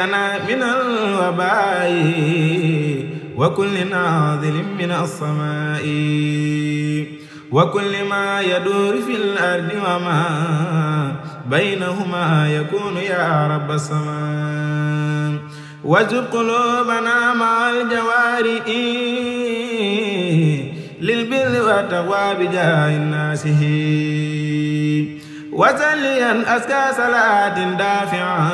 أعيذنا من الوباء وكل ناظل من السماء وكل ما يدور في الأرض وما بينهما يكون يا رب السماء واجب قلوبنا مع الجوارئ للبر والتقوى بجاه الناس وزليا أزكى صلاة دافعا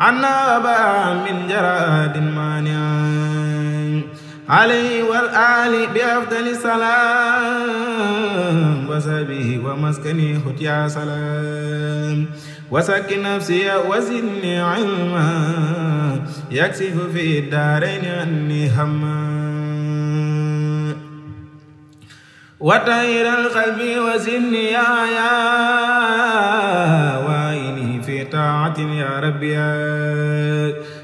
عنا أبا من جراد مانع عليه والآل بأفضل سلام وسبه ومسكني ختيا سلام وسك نفسي وزني علما يكسف في الدارين أني هما وطير القلب وزني آيا في طاعة يا ربي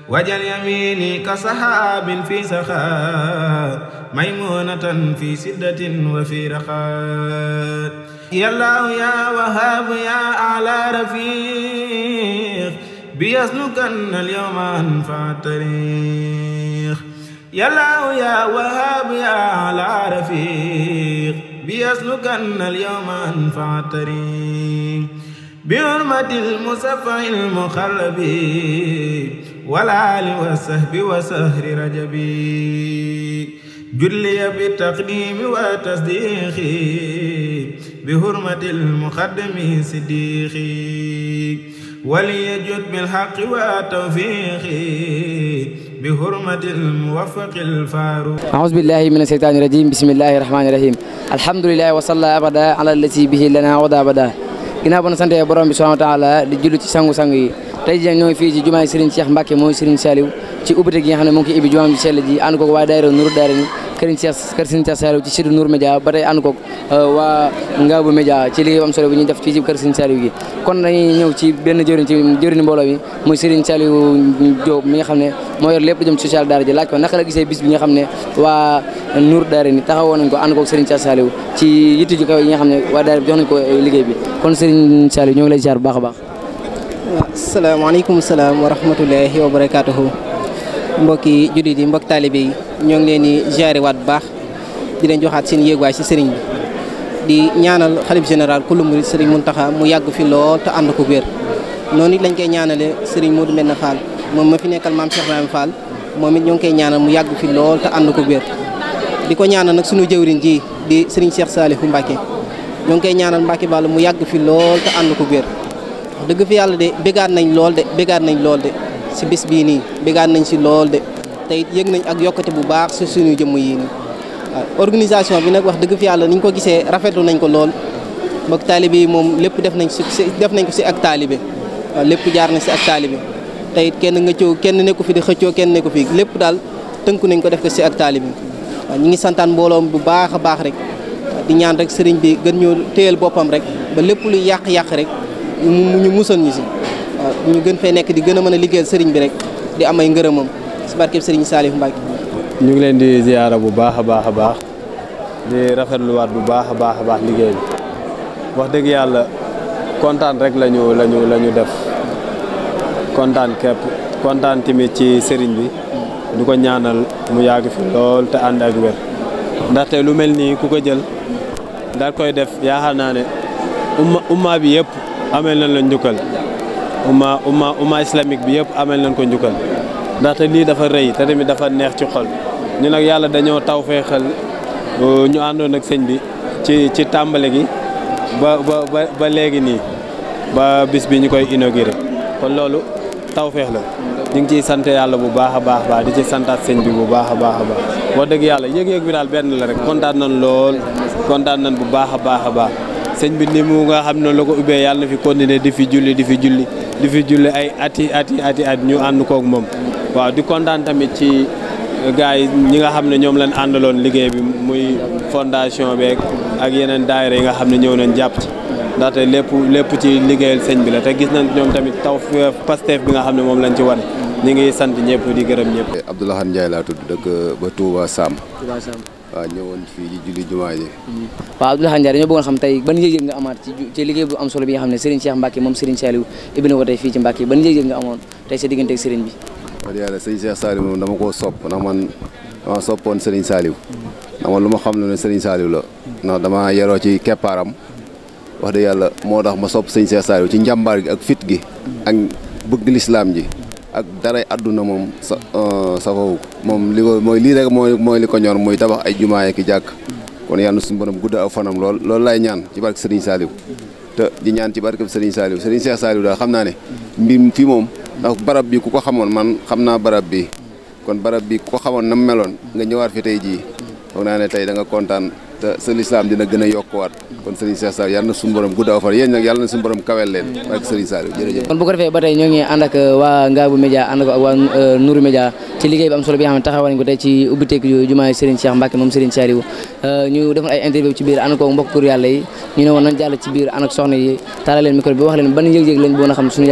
وجل يميني كصحاب في سخاء ميمونة في سدة وفي رخاء يا الله يا وهاب يا أعلى رفيق بيسلكن اليوم أنفع الطريق يا الله يا وهاب يا أعلى رفيق بيسلكن اليوم أنفع الطريق بحرمة المصفى المخلب والعالي والسهب وسهر رجبي جلي بالتقديم والتصديق بحرمة المقدم صديقي وليجد بالحق والتوفيق بحرمة الموفق الفاروق أعوذ بالله من الشيطان الرجيم بسم الله الرحمن الرحيم الحمد لله وصلى أبدا على التي به لنا ودا أبدا ginnaaw ba nu sante borom bi subhanahu wa di jullu ci sangu-sangu yi tey jii ñoo ngi fii ci jumaay Serigne Cheikh Mbacke mooy Serigne Saliou ci ubbite gi nga xam ne mu jumaam ji sell ji ànd ko waa daayira Nuru Daarayni kër Serigne Cheikh Saliou ci Sidy Nour Média ba tey ànd ko euh, waa Ngabou Média ci liggéey am solo bi ñuy def ci kër Serigne Saliou gi kon dañuy ñëw ci benn jëriñ ci jëriñ mbooloo mi muy Serigne Saliou Diop mi nga xam ne mooy yor lépp lu jëm social daara ji laaj ko naka la gisee bis bi nga xam ne waa Nour daara ni taxawoon ko ànd ko Serigne Cheikh Saliou ci yitte ju kaw yi nga xam ne waa daara bi jox nañ ko liggéey bi kon Serigne Saliou ñoo ngi lay ziar baax a baax. asalaamaaleykum salaam wa rahmatulahi wa barakaatuhu mbokki jullit yi mbokki taalibe yi ñoo ngi leen di jaare waat bu baax di leen joxaat seen yéeguwaay si sëriñ bi di ñaanal xalif général kullu murid sëriñ Muntaxa mu yàgg fi lool te ànd ko wér noonu it lañ koy ñaanale sëriñ Modou Mbène Fall moom ma fi nekkal maam Cheikh moom it ñoo ngi koy ñaanal mu yàgg fi lool te ànd ko wér di ko ñaanal nag sunu jëwriñ ji di sëriñ Cheikh Saliou Mbacke ñoo ngi koy ñaanal Mbacke Ball mu yàgg fi lool te ànd ko wér dëgg fi yàlla de bégaat nañ lool de bégaat nañ lool de ci bis bi ni bégaan nañ si lool de tay it yëg nañ ak yokati bu baax ci suñu jëm yi ni organisation bi nak wax deug fi yalla niñ ko gisee rafetlu nañ ko lool mak talibi mom lepp def nañ ci def nañ ko ci ak talibi lepp jaar na ci ak talibi tay kenn nga ciow kenn neeku fi di xëccio kenn neeku fi lepp dal teunku nañ ko def ko ci ak talibi ñi ngi santane mbolom bu baax baax rek di ñaan rek serigne bi gën ñu teyel pamrek, rek ba lepp lu yaq yaq rek ñu musal ñu ci ñu gën fee nekk di gën a mën a liggéeyal sëriñ bi rek di am ay ngërëmam si barkeb sëriñ Salif Mbacke. ñu ngi leen di ziyaara bu baax a baax a baax di rafetluwaat bu baax a baax a baax liggéey wax dëgg yàlla kontaan rek la ñu la ñu def kontaan képp kontaan tamit ci sëriñ bi du ko ñaanal mu yàgg fi lool te ànd ak wér ndaxte lu mel nii ku ko jël daal koy def yaakaar naa ne umma umma bi yëpp amee nañ la njukkal. Uma, umma umma Islamik bi yëpp amel nañ ko ndax te li dafa reey te tamit dafa neex ci xol euh, ñu nak yalla dañoo taw ñu ando nak señ bi ci ci tambale gi ba ba ba legi ni. ba bis bi ñukoy koy kon lolu taw la ñu ngi ciy sant bu baaxa baax ba di ci santat señ bi bu baaxa baax ba wa deug yalla yeg yeg bi dal ben la rek contane nan lol contane nan bu baaxa baax a bi ni mu nga xamne lako ubbe ko fi continuer di fi julli di fi julli di fi julli ay ati ati ati at ñu ànd kook moom waaw di kontaan tamit ci euh, gars yi ñi nga xam ne ñoom lañ àndaloon liggéey bi muy fondation beeg ak yeneen daayira yi nga xam ne ñëw nañ jàpp ci ndaxte lépp lépp ci liggéeyal sëñ bi la te gis nañ ñoom tamit taw euh, Pastef bi nga xam ne moom lañ ci wan ñu ngi sant ñëpp di gërëm ñëpp. Eh, Abdoulaye Ndiaye laa tudd dëkk eh, ba Touba Sam. Touba Sam. waaw ñëwoon fii di julli jumaa ji. Mm-hmm. waaw Abdoulaye Ndiaye dañoo bëggoon xam tey ban yëg-yëg nga amaat ci ci liggéey bu am solo bi nga xam ne Serigne Cheikh Mbacke moom Serigne Saliou ibbi na ko tey fii ci Mbacke ban yëg-yëg nga amoon tey sa diggante ak Serigne bi. wax yàlla Serigne Cheikh Saliou moom dama koo sopp ndax man dama soppoon Serigne Saliou. Mm-hmm. ndax man lu ma xam ne Serigne Saliou la. ndax dama yaroo ci keppaaram wax dëgg yàlla moo tax ma sopp Serigne Cheikh Saliou ci njàmbaar gi ak fit gi ak bëgg lislaam ji ak daray àdduna moom sa euh, safawu moom li ko mooy lii rek mooy mooy li ko ñor muy tabax ay jumaa ki jàkk kon yàlla suñu borom gudda ak fanam lool loolu laay ñaan ci barke Serigne Saliou te di ñaan ci barke Serigne Saliou Serigne Cheikh Saliou daal xam naa ne mbir fi moom ndax barab bi ku ko xamoon man xam naa barab bi kon barab bi ku ko xamoon nam meloon nga ñëwaat fi tey jii foog naa ne tey da nga kontaan te sa lislaam dina gën a yokkuwaat kon Serigne Cheikh Saliou yàlla na suñu kawel leen ba uh, uh, nga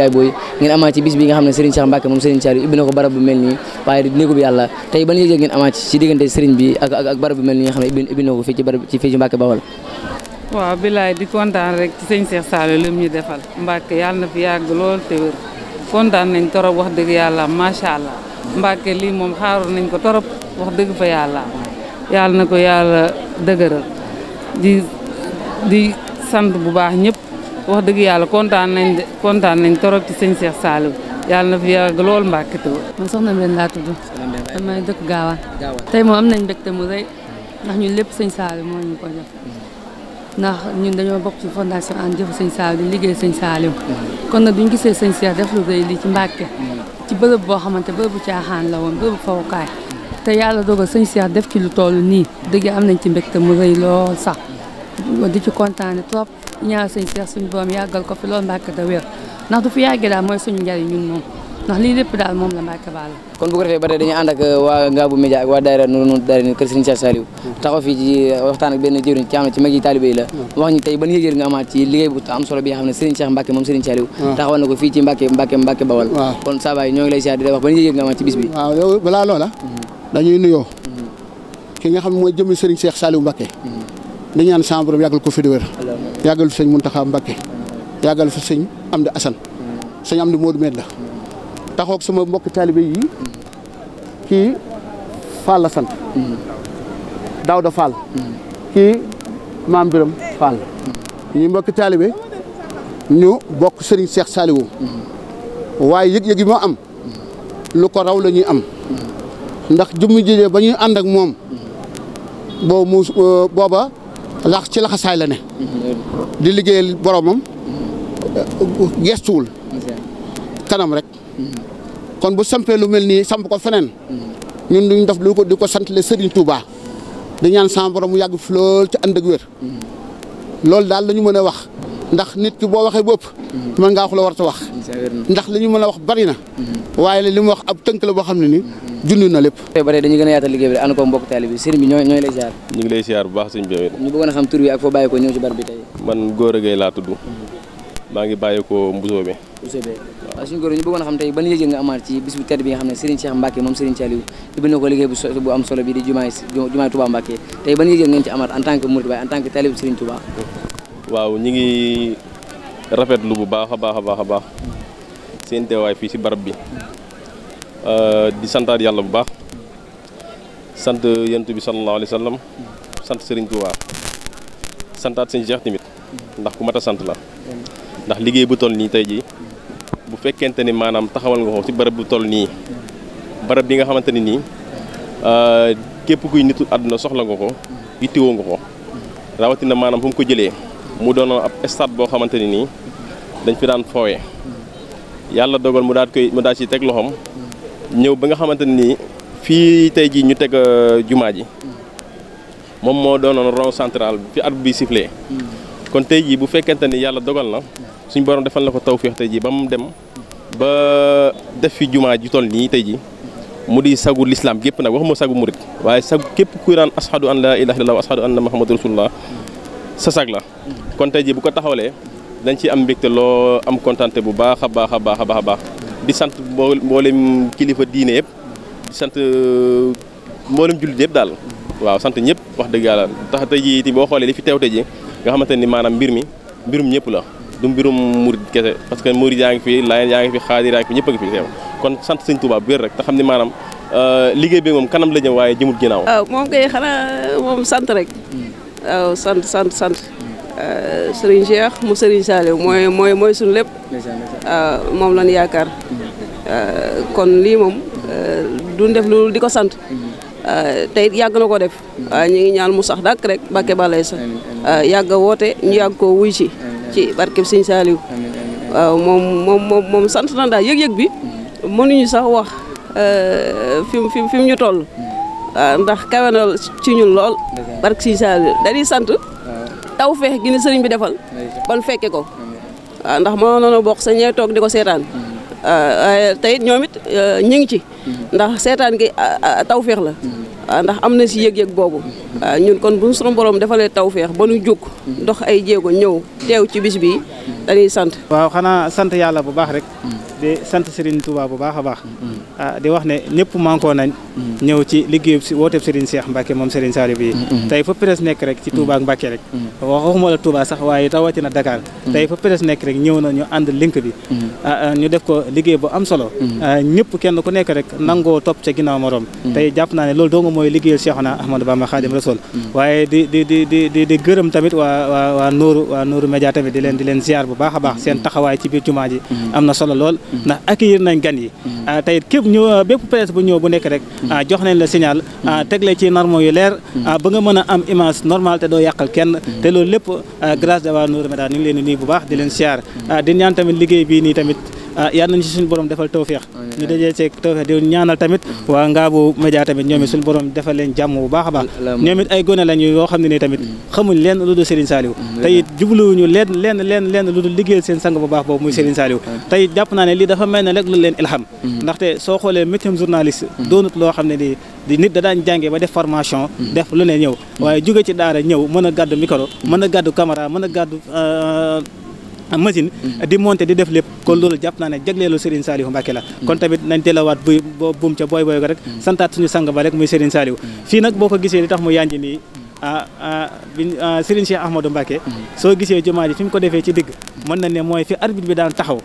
uh, a amaa ci bis bi nga xam ne Serigne Cheikh Mbacke moom Serigne Saliou ibbi na ko barab bu mel nii waaye di néegu bi yàlla tey ban yëg-yëg ngeen amaa ci diggante Serigne bi ak barab bu mel nii nga xam ne ibbi ko fii barab ci fii ci Mbacke Bawol. waaw bilaay di kontaan rek ci sëñ Cheikh Saliou lim muy defal Mbacke yàlla na fi yàgg lool te wér nañ torop wax dëgg yàlla macha allah mbaake lii moom xaaroon nañ ko torop wax dëgg fa yàlla yàlla na ko yàlla dëgëral di di sant bu baax ñëpp wax dëgg yàlla kontaan nañ kontaan nañ torop ci sëñ Cheikh Saliou yàlla na fi yàgg lool Mbacke te wér. man soxna laa tudd. soxna Mbène Gaawa. tey moom am nañ mbégte mu rëy. ndax ñun lépp sëñ Saliou moo ñu ko jox ndax ñun dañoo bokk ci fondation ànd jëfu sëñ Saliou di liggéey sëñ Saliou kon nag duñ gisee sëñ Cheikh def lu rëy lii ci Mbàkke ci bërëb boo xamante bërëbu caaxaan la woon bërëbu fawukaay te yàlla dogal sëñ Cheikh def ci lu toll nii dëgg am nañ ci mbégte mu rëy lool sax di ci kontaane trop ñaar sëñ Cheikh suñ boom yàggal ko fi loolu Mbàkke da wér ndax du fi mooy suñu njariñ ñun moom ndax lii lépp daal moom la Mbacke Balla kon bu ko defee ba tey dañuy ànd ak waa Ngabou Média ak waa daayira noonu daayira ni kër Serigne Cheikh Saliou taxaw fii ci eh, waxtaan ak benn jëwriñ ci xam ne ci mag yi taalibe yi la wax ñu tey ban yëg-yëg nga amaat ci liggéey bu am solo bi nga xam ne Serigne Cheikh Mbacke moom Serigne Saliou taxawal na ko fii ci Mbacke Mbacke Mbacke Bawal kon saa waay ñoo ngi lay siyaar di la wax ban yëg-yëg nga amaat ci bis bi waaw yow balaa loola dañuy nuyoo mm-hmm. ki nga xam ne mooy jëmmi Serigne Cheikh Saliou Mbacke mm-hmm. di ñaan sama borom yàggal ko fi di wér yàggal fi sëñ Mountakha Mbacke mm-hmm. yàggal fi sëñ Amdi Assane sëñ Amdi Modou Med la taxoog suma mbokk taalibe yi kii Fall la sant Daawda Fall kii maam Biram Fall ñu mbokk taalibe ñu bokk Serigne Cheikh Saliou waaye yëg-yëg yi moo am lu ko raw lañuy am ndax jëmm jëlee ba ñuy ànd ak moom boobu mu booba lax ci laxasaay la ne di liggéeyal boromam gestuwul kanam rek kon bu sampee lu mel nii samp ko feneen ñun duñ def lu ko di ko santale Serigne Touba di ñaan sama borom mu yàgg fi lool ci ànd ak wér loolu daal la ñu mën a wax ndax nit ki boo waxee bopp man ngaa wax la warta wax ndax li ñu mën a wax bari na waaye li mu wax ab tënk la boo xam ne ni junni na lépp ba tey dañu gën a yaatal liggéey bi ànd ko mbokk taali bi sëriñ bi ñooy ñooy lay ziar ñu ngi lay ziar bu baax sëñ bi ñu bëggoon a xam tur bi ak foo bàyyi ko ñëw tey man Gora Gueye laa tudd mhm. maa ngi bàyyi ko Mbusoobe suñu góor ñu bëggoon xam tay ban yëg nga amaat ci bis bu tedd bi nga xamne Serigne Cheikh Mbacke mom Serigne Saliou ibbi na ko liggéey bu am solo bi eh, di jumaay jumaay Touba Mbacke tay ban yëg ngeen ci amaat en tant que mouride waaye en tant que talib Serigne Touba waaw ñi ngi rafet lu bu baaxa baaxa baaxa baax seen teway fi ci barab bi euh di santat yalla bu baax sante yent bi sallallahu alaihi wasallam sante Serigne Touba santat seen Cheikh timit ndax ku mata sante la ndax liggéey bu toll ni tay ji bu fekkente ni maanaam taxawal nga ko ci barab bu toll nii barab bi nga xamante ni nii euh, képp kuy nitu àdduna soxla nga ko yittewoo nga ko rawatina maanaam fu mu ko jëlee mu doon ab stade boo xamante ni nii dañ fi daan fooye yàlla dogal mu daal koy mu daal ci teg loxoom ñëw ba nga xamante ni nii fii tey jii ñu teg euh, jumaa ji moom moo doonoon rond central fi at bi sifflé kon tay ji bu fekkente ni yàlla dogal na suñu borom defal na tawfiq tay ji bam dem ba def fi juma ji tol ni tay ji mu di sagu l'islam gep nak waxuma sagu murit waye sagu kep kuy ran ashadu an la ilaha illallah wa ashadu anna muhammadur rasulullah sa sag la kon tay ji bu ko taxawalee dañ ci am mbekté lo am contenté bu baakha baakha baakha baakha baakh di sante mboolem kilifa diine yeb di sante euh, mboolem julit yeb dal waaw sante ñep wax deug yàlla tax ji ti bo xoolee li fi teewte ji nga xamante ni maanaam mbir mi mbirum ñëpp la du mbirum murid kese parce que murid yaa ngi fi laayeen yaa ngi fi xaadir yaa ngi fi ñëpp a ngi fi teew kon sant sëñ Touba bu rek te xam ni maanaam euh, liggéey bi moom kanam la jëm waaye jëmul ginnaaw. waaw moom kay xanaa moom sant rek. waaw sant sant sant. Euh, Serigne Cheikh mu Serigne Saliou mooy mooy mooy suñu lépp. Euh, moom lañu yaakaar. kon lii moom duñ def loolu di ko sant. Euh, tey it yàgg na ko def euh, ñu ngi ñaan mu sax dàkk rek Mbàkke balay sax euh, yàgg a woote ñu yàgg koo wuy ci ci barkeb Sëñ Saaliw waaw moom moom moom moom sant na daal yëg-yëg bi mm-hmm. mënuñu sax wax fi mu fi ñu toll mm-hmm. ndax kawe ci ñun lool barke Sëñ Saaliw dañuy sant taw feex gi ne sëriñ bi defal ban fekke ko waaw ndax mënoon na bokk sa ñee toog di ko seetaan mm-hmm. Euh, euh, te it ñoom it euh, ñu ngi ci mhm. ndax seetaan gi tawféex la mhm. ndax am na si yëg-yëg boobu mhm. ñun kon bu sunu borom defalee tawféex ba nu jóg dox ay jéego ñëw teew ci bis bi dañuy sant waaw xanaa sant yàlla bu baax rek di sant Serigne Touba bu baax a baax ah, di wax ne ñëpp mànkoo nañ ñëw ci liggéeyu si wooteeb Serigne Cheikh Mbacke moom Serigne Saliou bi mm-hmm. tey fa presse nekk rek ci Touba ak Mbacke rek mm-hmm. waxuma la Touba sax waaye rawatina Dakar mm-hmm. tey fa presse nekk rek ñëw na ñu ànd link ah, ah, def ko liggéey bu am solo ah, ñëpp kenn ku nekk rek nangoo topp ca ginnaaw morom tey jàpp naa ne loolu doonga mooy liggéeyal Cheikhuna Ahmadou Bamba Khadim Rasoul waaye di di di di di di gërëm tamit waa waa waa Nourou waa Nourou tamit di leen di leen ziar bu baax a baax seen taxawaay ci biir jumaa ji am na solo lool ndax accueillir nañ gan yi tey képp ñu bépp presse bu ñëw bu nekk rek Ah, jox nañ la signal ah, mm. teg la ci narmo yu leer mm. ah, ba nga mën a am image normale te doo yàqal kenn mm. te loolu lépp grâce à waa Nour Média ñu ngi leen nii bu baax di leen siyaar di ñaan tamit liggéey bii nii tamit ah yal nañu si suñu borom defal tawféex ñu dajee seeg tawféex di ñaanal tamit mm-hmm. waa Ngabou Média tamit ñoom suñu borom defal leen jàmm bu baax a baax ñoom ay gone lañu yoo xam ne nii tamit mm-hmm. xamuñ lenn lu dul Serigne Saliou mm-hmm. te it jubluwuñu lenn lenn leen lenn lu du liggéey seen sang bu baax boobu muy Serigne Saliou te it jàpp naa ne lii dafa mel ne rek lu leen ilham ndaxte soo xoolee métier journaliste doonut loo xam ne nii di nit da daan jàngee ba def formation def lu n ñëw waaye jóge ci daara ñëw mën a gàddu micro mën a gàddu caméra mën a gàddu euh, Ah, machine mm-hmm. di monter di def lépp kon loolu jàpp naa ne jagleelu Serigne Saliou Mbacké la mm-hmm. kon tamit nañ delawaat buy boo buum ca booy booy ko rek mm-hmm. santaat suñu sang ba rek muy Serigne Saliou fii nag boo ko gisee li tax mu yanji nii ah, ah, Serigne Cheikh Ahmadou Mbacké soo gisee jumaa ji fi mu ko defee ci digg mën nañ ne mooy fi arbitre bi daan taxaw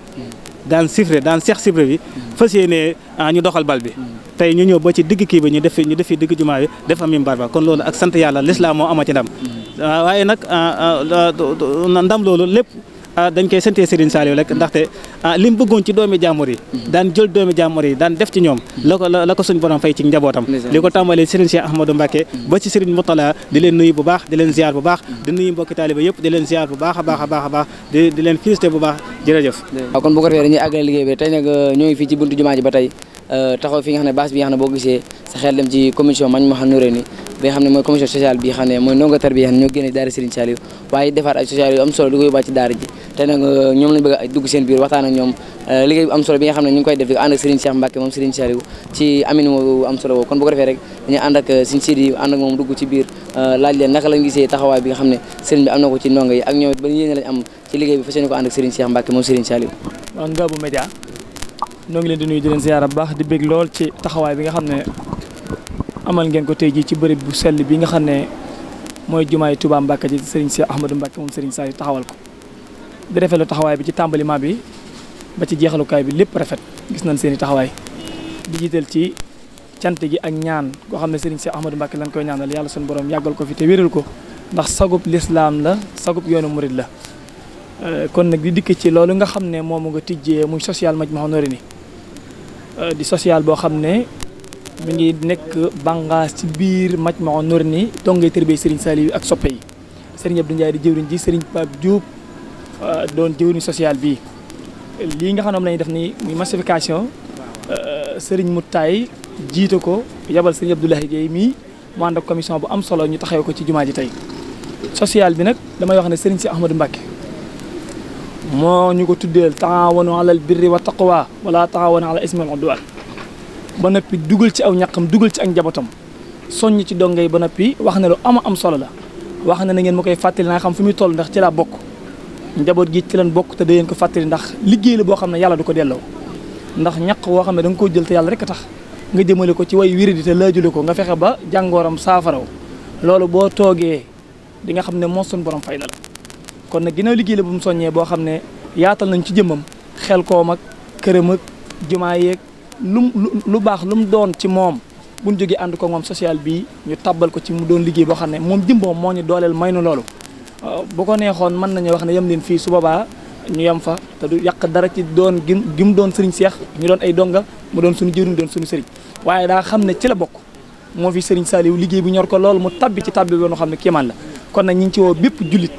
daan siffler daan seex siffler bi fas yéene ñu doxal bal bi tey ñu ñëw ba ci digg kii bi ñu def fi digg jumaa bi def am mimbar ba kon loolu ak sant yàlla l'islam ama ci ndam ah dañ koy santee Serigne Saliou rek ndaxte ah li mu bëggoon ci doomi jàmbur yi daan jël doomi jàmbur yi daan def ci ñoom la ko la ko suñ borom fay ba ci Serigne Moutala di leen nuyu bu baax di leen ziar bu baax di nuyu mbokki taaliba yëpp di leen ziar bu baax a baax a baax di leen félicité bu baax jërëjëf waaw kon bu ko defee dañuy àggale liggéey bi tey nag ñoo ngi ci buntu jumaa ba tey Euh, taxaw fi nga xam ne base bi nga xam ne boo gisee sa xel dem ci commission mañ ma xam nuré bi nga xam ne mooy ci euh, a euh, liggéey bu am xam ne ñu ko ànd ak Serigne Cheikh Mbacke moom moom dugg ci biir noo ngi leen di nuyu di leen ziyaara bu baax di bég lool ci taxawaay bi nga xam ne amal ngeen ko tey ji ci bërëb bu sell bi nga xam ne mooy jumaay Touba Mbacke ji Serigne Cheikh Ahmadou Mbacke moom Serigne Saliou taxawal ko di rafetlu taxawaay bi ci tàmbaliment bi ba ci jeexalukaay bi lépp rafet gis nañ seen i taxawaay di jiital ci cant gi ak ñaan koo xam ne Serigne Cheikh Ahmadou Mbacke lañ koy ñaanal yàlla suñu borom yàggal ko fi te wéral ko ndax sagub lislaam la sagub yoonu murid la kon nag di dikk ci loolu nga xam ne moom nga tijjee muy social maj ma ni Euh, di sociale boo xam ne mi ngi nekk bànqaas ci biir moo Majmahun Nurayni dongay tërbee Serigne Saliou ak soppe yi Serigne Abdou Ndiaye di jëwriñ ji Serigne Pape Diop euh, doon jëwriñ social bi lii nga xam ne moom la ñuy def ni muy massification euh, Serigne Moutaye jiite ko yabal Serigne Abdoulaye Guèye mii mu ànd ak commission bu am solo ñu taxewee ko ci jumaa ji tey social bi nag damay wax ne Serigne si Ahmadou Mbacke mo ñu ko tuddel taawanu alal birri wa taqwa wala taawanu ala ismi al udwan ba nopi duggal ci aw ñakam duggal ci ak njabootam soñ ci dongay ba nopi wax na lu ama am solo la wax na na ngeen ma koy fàttali naa xam fu mi toll ndax ci la bok njaboot gi ci lan bok te da ngeen ko fatel ndax liggey la bo xamne yalla du ko ndax ñak wo xamne dang ko jël te yalla rek tax nga jëmele ko ci way te ko nga ba jàngooram saafaraw loolu boo toogee di nga xamne mo sun borom fayna la kon nak ginaaw liggéey la bu mu soñé bo xamné ne yaatal nañ ci jëmmam xel ko mak kërëm ak jumaa yek lu lu baax lu mu doon ci mom bu ñu jógee ko moom social bi ñu tabbal ko ci mu doon liggéey bo xamné ne jëmbo mo ñu dolel maynu lolu bu ko neexoon man nañ wax né yam leen fi su baba ñu yam fa ta du yàq dara ci doon gim gim doon serigne cheikh ñu doon ay donga mu doon suñu jëriñ doon suñu serigne waaye da xamné ne ci la bok mo fi serigne saliw liggéey bu ñor ko lolu mu tabbi ci tabbi bo xamné ne la kon nak ñi ci wo bépp julit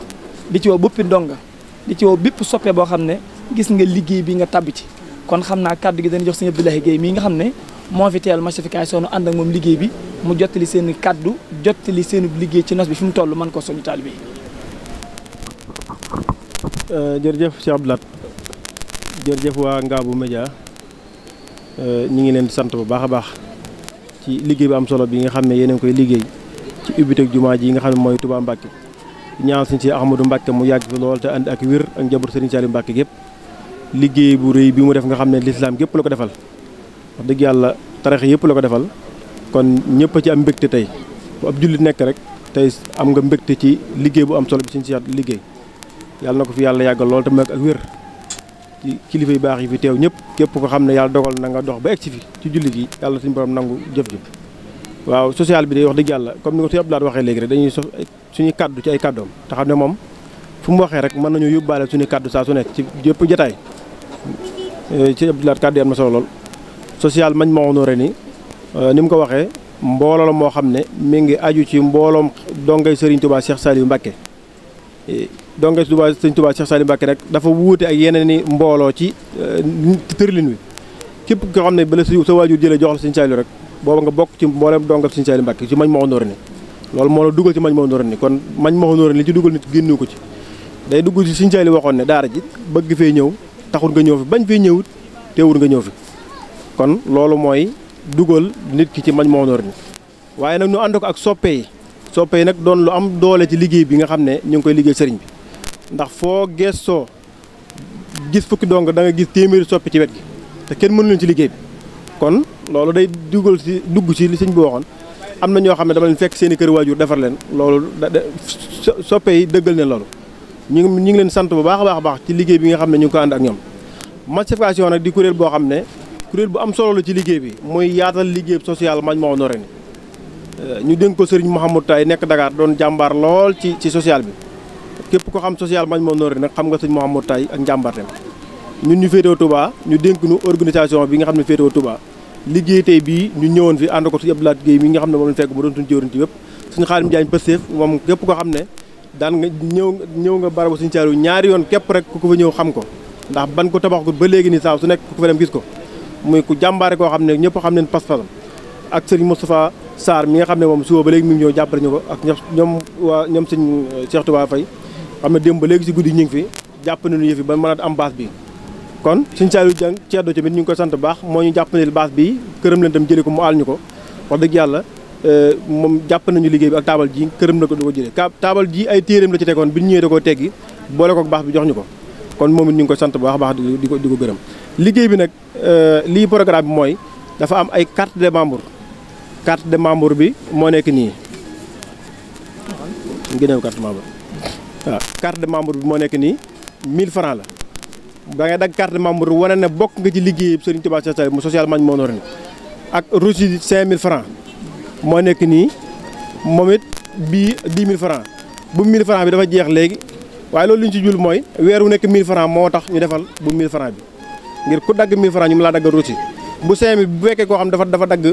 di ci wow buppi ndonga di ci woo bépp soppe boo xam ne gis nga liggéey bi nga tàbb ci kon xam naa kàddu gi dañu jox sëñ Abdoulaye Guèye mii nga xam ne moo fi teel massification nu ànd ak moom liggéey bi mu jottali seen kàddu jottali seen liggéey ci nos bi fi mu toll man ko soñu taalibe yi euh, jërëjëf Cheikh Abdou Lahad jërëjëf waa Ngabou Média euh, ñu ngi leen di sant bu baax a baax ci liggéey bu am solo bi nga xam ne yéen a ngi koy liggéey ci ubbiteg jumaa ji nga xam ne mooy Touba Mbacke ñaan señ ci Ahmadou Mbacke mu yagg lool te and ak wir ak njaboot Serigne Saliou Mbacke gep liggey bu reuy bi mu def nga xamne l'islam gep gépp ko defal wax deug yalla tarikh yep la ko defal kon ñepp ci am mbekté tay bu ab julit nek rek tay am nga mbekté ci liggey bu am solo bi señ ci liggéey liggey yalla nako fi yalla yagg lool te mu ak wir ci kilifa yu bax yi fi tew ñepp kep ko xamne yalla dogal na nga dox ba ci fi ci julit yi yalla suñu borom nangu jëf jëf waaw social bi day wax dëgg yàlla comme ni ko sëñ Abdoulaye waxee léegi rek dañuy sof suñu kàddu ci ay kaddoom te xam ne moom fu mu waxee rek mën nañu yóbbaale suñu kaddu saa su nekk ci yëpp jotaay ci eh, Abdoulaye kaddu yi am na solo lool social mañ ma woonoo ni eh, ni mu ko waxee mbooloo la moo xam ne mi ngi aju ci mbooloom dongay Serigne Touba Cheikh Saliou Mbacké eh, dongay Touba Serigne Touba Cheikh Saliou Mbacké rek dafa wuute ak yeneen i mbooloo ci tërlin wi képp koo xam ne bala sa waajur jëlee jox la Serigne Saliou rek booba nga bokk ci mboolem dongal Sëriñ Saaliw Mbàkke ci mañ ma honóor ni loolu moo la dugal ci mañ ma honóor ni kon mañ ma honóor ni ci dugal nit génnu ko ci day dugg ci Sëriñ Saaliw waxoon ne daara ji bëgg fee ñëw taxul nga ñëw fi bañ fee ñëwut teewul nga ñëw fi kon loolu mooy dugal nit ki ci mañ ma ni waaye nag ñu ànd ko ak soppe yi soppe yi nag doon lu am doole ci liggéey bi nga xam ne ñu ngi koy liggéey sëriñ bi ndax foo gees soo gis fukki dong da nga gis téeméeri soppi ci wet gi te kenn mënu ci liggéey kon loolu day dugal ci dugg ci li sëñ bi waxoon am na ñoo xam ne dama leen fekk seen i kër waajur defar leen loolu soppe yi dëggal ne loolu ñu ngi ñu ngi leen sant bu baax a baax baax ci liggéey bi nga xam ne ñu ngi ko ànd ak ñoom massification nag di kuréel boo xam ne kuréel bu am solo la ci liggéey bi mooy yaatal liggéey social Majmahun Nurayni euh, ñu dénk ko sëriñ Mouhamadou Tay nekk Dakar doon jàmbaar lool ci ci social bi képp ko xam social Majmahun moo nag xam nga sëriñ Mouhamadou Tay ak njàmbaarteem ñun ñu féetewoo Touba ñu dénk nu organisation bi nga xam ne féetewoo Touba liggéey tey bii ñu ñëwoon fi ànd ko suñu Abdoulaye Guèye mi nga xam ne moom lañu fekk mu doon suñu jëwriñ ci yëpp suñu Xaadim Jaañ moom képp ko xam ne daan nga ñëw ñëw nga barabu suñu Saaliw ñaari yoon képp rek ku ko fa ñëw xam ko ndax ban ko tabax ko ba léegi nii saa su nekk ku fa dem gis ko muy ku jàmbaare koo xam ne ñëpp xam ne pas-pasam ak sëriñ Moustapha saar mi nga xam ne moom suba ba léegi mi ñëw jàppale ñu ko ak ñoom waa ñoom sëñ Cheikh waa Faye xam ne démb ba léegi si guddi ñu ngi fi jàpp nañu yëf yi ba mën am baas bi kon suñ saalu jang ci tamit ñu ko sant baax mo ñu jàppanil baas bi kërëm leen dem jëlé ko mu al ñuko wax deug yalla euh mom japp nañu liggéey bi ak taabal ji kërëm la ko du ko jëlee taabal ji ay téréem la ci tékkon bi ñu ñëwee da koo teggi boole ko ak baax bi jox ñuko kon momit ñu ko sant baax baax diko diko gërëm liggéey bi nak euh li programme moy dafa am ay carte de membre carte de membre bi moo nekk nii gëneew carte membre carte de membre bi mo nekk ni 1000 francs la da nga dag carte membre wane ne bok nga ci liggéey Serigne Touba social mu social mo moo ni ak reçu 5000 francs mo nek ni momit bi 10000 francs bu 1000 francs bi dafa jeex léegi way lolou li ci jull moy wéru nek 1000 francs mo tax ñu defal bu 1000 francs bi ngir ku dag 1000 francs ñu la dag dagg reçu bu 5000 bu wéké ko xam dafa dafa dag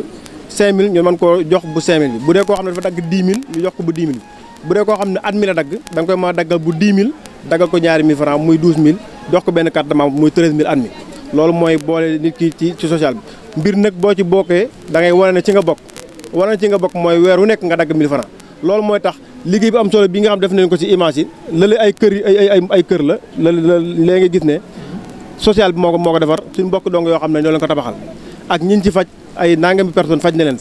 5000 ñu man ko jox bu 5000 bi bu dé ko xam dafa dag 10000 ñu jox ko bu 10000 bu dé ko xam ni at mi la dag dang koy ma dagal bu 10000 dagal ko ñaari 1000 francs muy 12000 jox ko benn carte de membre muy 13000 at mi loolu mooy boole nit ki ci ci social mbir nak bo ci boké da ngay wone ci nga bok wane ci nga bok moy wéru nek nga dag 1000 francs loolu moy tax liggéey bi am solo bi nga xam def nañ ko ci image lele ay kër ay ay ay kër la le lee nga gis né social bi moko moko moo defar suñ bok dong yo xamné ñoo leen ko tabaxal ak ñiñ ci fajj ay nangami personne fajj na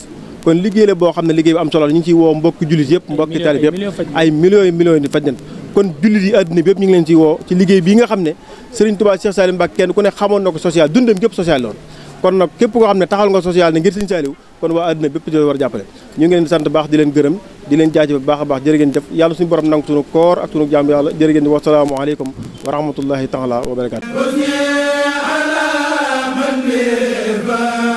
kon liggéey la boo xam liggéey bi am solo ñu ci wo mbokk julit yépp mbokk talib yépp ay millions millions ni fajj nañ kon jullit yi àddina bi yëpp ñu ngi leen ci woo ci liggéey bii nga xam ne Serigne Touba Cheikh Saliou Mbacké kenn ku ne xamoon na ko social dundam gépp social la kon nag képp koo xam ne taxal nga social ne ngir Serigne Saliou kon waa àddina bépp di war a jàppale ñu ngi leen sant baax di leen gërëm di leen jaajëfal baax a baax jërë ngeen jëf yàlla suñu borom nangu sunu koor ak sunu jàmm yàlla jërë ngeen wasalaamu aleykum wa rahmatullahi taala wa